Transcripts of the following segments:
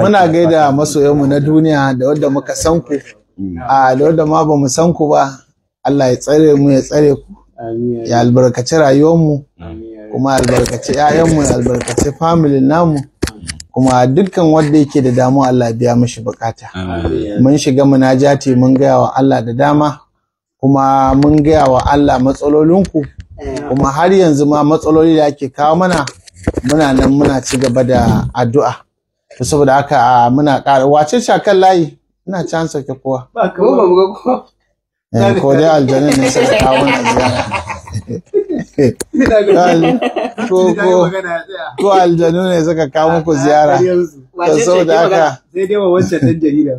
Muna gaida masoyanmu na duniya da wadda muka san ku, mm. a ah, da wadda ma ba mu san ku ba, Allah ya tsare mu ya tsare ku, ya albarkaci rayuwarmu, kuma albarkaci mu ya albarkaci familin namu, kuma dukkan wanda yake da damu Allah biya mishi bukata. Mun shiga munajati mun gaya wa Allah da dama, kuma mun gaya wa Allah matsalolinku, kuma har yanzu ma matsaloli da ake kawo mana muna nan muna ci gaba da addu'a. saboda haka muna ƙara wace ce kan layi ina ci an sauke kowa ba ka ba mu ga kowa eh ko dai aljanin ne sai ka kawo na ziya ko aljanu ne suka kawo muku ziyara to saboda haka sai dai wa wancan dan jarida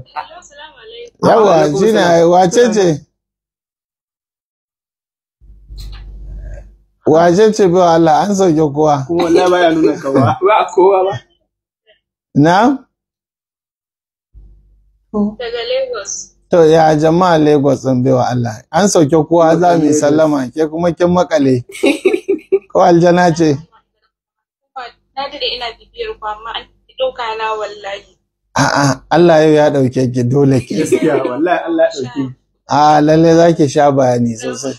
yawa ne wace ce Wajen ce bai Allah an sauke kowa. Kuma wallahi baya nuna kowa Ba kowa ba. na? daga lagos to ya jama'a lagos sun wa Allah an sauke kowa za mu sallama ke kuma kin makale ko aljana ce na dade ina bibiyar ku amma an doka na wallahi a'a Allah yau ya dauke ki dole ki gaskiya wallahi Allah ya dauke ki a lalle zaki sha bayani sosai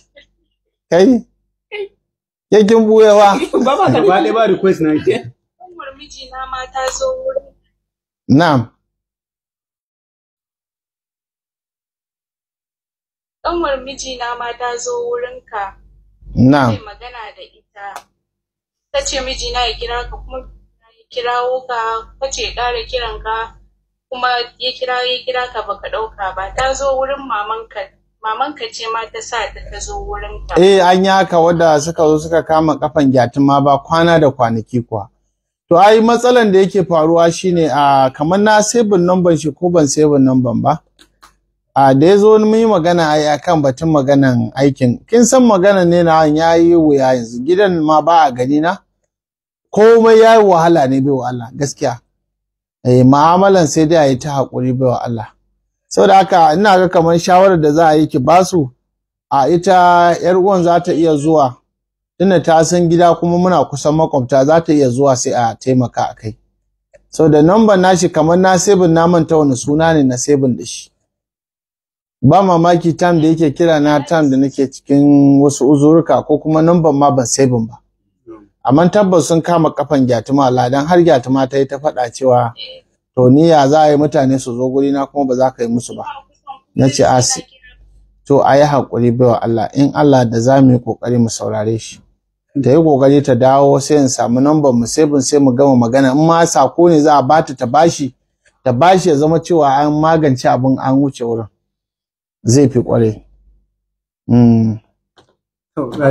kai ke kin buyewa ba ba ba request na ke. umar miji na ma ta zo na'am ƙanwar mijina ma ta zo wurinka na'am magana da ita ta ce mijina ya kira ka kuma ya kirawo ka ta ce ƙara kiranka, kuma ya kira ya kira ka baka ɗauka ba ta zo wurin mamanka mamanka ce ma ta sa ta ta zo wurinka eh an yi haka wadda suka zo suka kama ƙafan gyatin ma ba kwana da kwanaki kuwa to ai matsalan da yake faruwa shine a kamar na sebin number shi ko ban sebin number ba a da yazo mun yi magana ai akan batun maganan aikin kin san magana ne na yayi wuya yanzu gidan ma ba a gani na komai yayi wahala ne bai wahala gaskiya eh ma'amalan sai dai ayi ta hakuri bai wa Allah saboda haka ina ga kamar shawarar da za a yi ki basu a ita yar uwan za ta iya zuwa tunda ta san gida kuma muna kusan makwabta za ta iya zuwa sai a taimaka a kai so da number nashi kamar na sebin na manta wani suna ne na sebin da shi ba mamaki time da yake kira na time da nake cikin wasu uzurka ko kuma number ma ban sebin ba amma tabbas sun kama kafan gyatuma ladan har gyatuma ta yi ta faɗa cewa to ni ya za a yi mutane su zo guri na kuma ba za ka yi musu ba na ce asi to a yi haƙuri wa Allah in Allah da za mu yi ƙoƙari mu saurare shi da ya kokari ta dawo sai in samu number mu sai bin sai mu gama magana in ma sako ne za a bata ta bashi ta bashi ya zama cewa an magance abin an wuce wurin zai fi kware mm.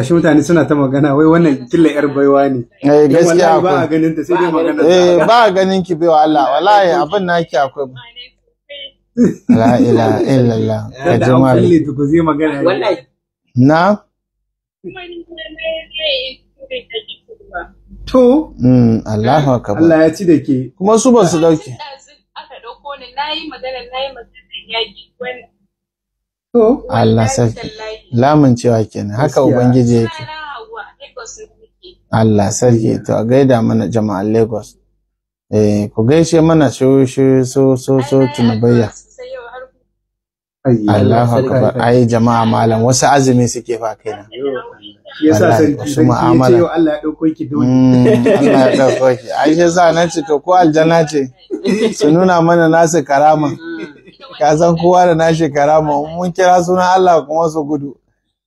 shi mutane suna ta magana wai wannan killa yar baiwa ne eh gaskiya ba a ganin ta sai dai magana eh ba a ganin ki baiwa Allah wallahi abin naki akwai la ilaha illallah ka jama'a wallahi na To, mm, Allahu akbar. Allah ya ci da ke. Kuma su ba su dauke. Aka dauko ni magana magana wani. To, Allah sarki. Lamun cewa kenan haka ubangiji yake. Allah sarki to a gaida mana jama'a Lagos. Eh ku gaishe mana shi shi so so so tunabayya. Allahu akbar ai jama'a malam wasu azumi suke fa kai shi yasa ki sai ya Allah ya dauko ki dole mm, Allah ya dauko ki ai sai sa nan ce to ko aljanna ce su nuna mana nasu karama ka san kowa da nashi karama mun kira sunan Allah kuma su gudu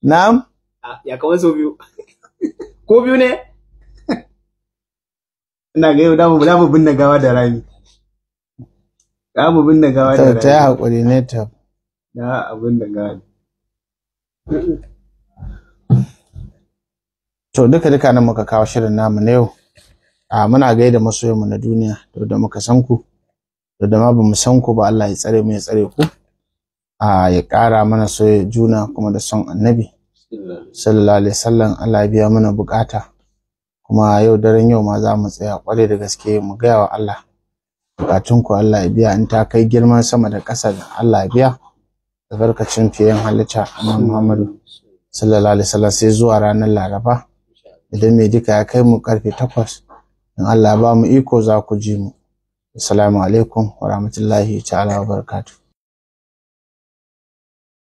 na'am ah, ya kawai su biyu ko biyu ne ina ga yau da mu da mu binne gawa da rami da mu binne gawa da rami ta hakuri ne ta to duka duka nan muka kawo shirin namu na yau a muna gaida masoyanmu na duniya da muka san ku da ma bamu san ku ba Allah ya tsare mu ya tsare ku a ya ƙara mana soyayya juna kuma da son annabi sallallahu alaihi wasallam Allah ya biya mana bukata kuma yau daren yau ma za mu tsaya kware da gaske mu gaya wa Allah bukatun ku Allah ya biya in ta kai girman sama da ƙasa Allah ya biya albarkacin fiyen halitta annabi Muhammadu sallallahu alaihi wasallam sai zuwa ranar Laraba idan mai duka ya kai mu karfe takwas, in Allah ba mu iko za ku ji mu assalamu alaikum wa rahmatullahi ta'ala wa barakatu.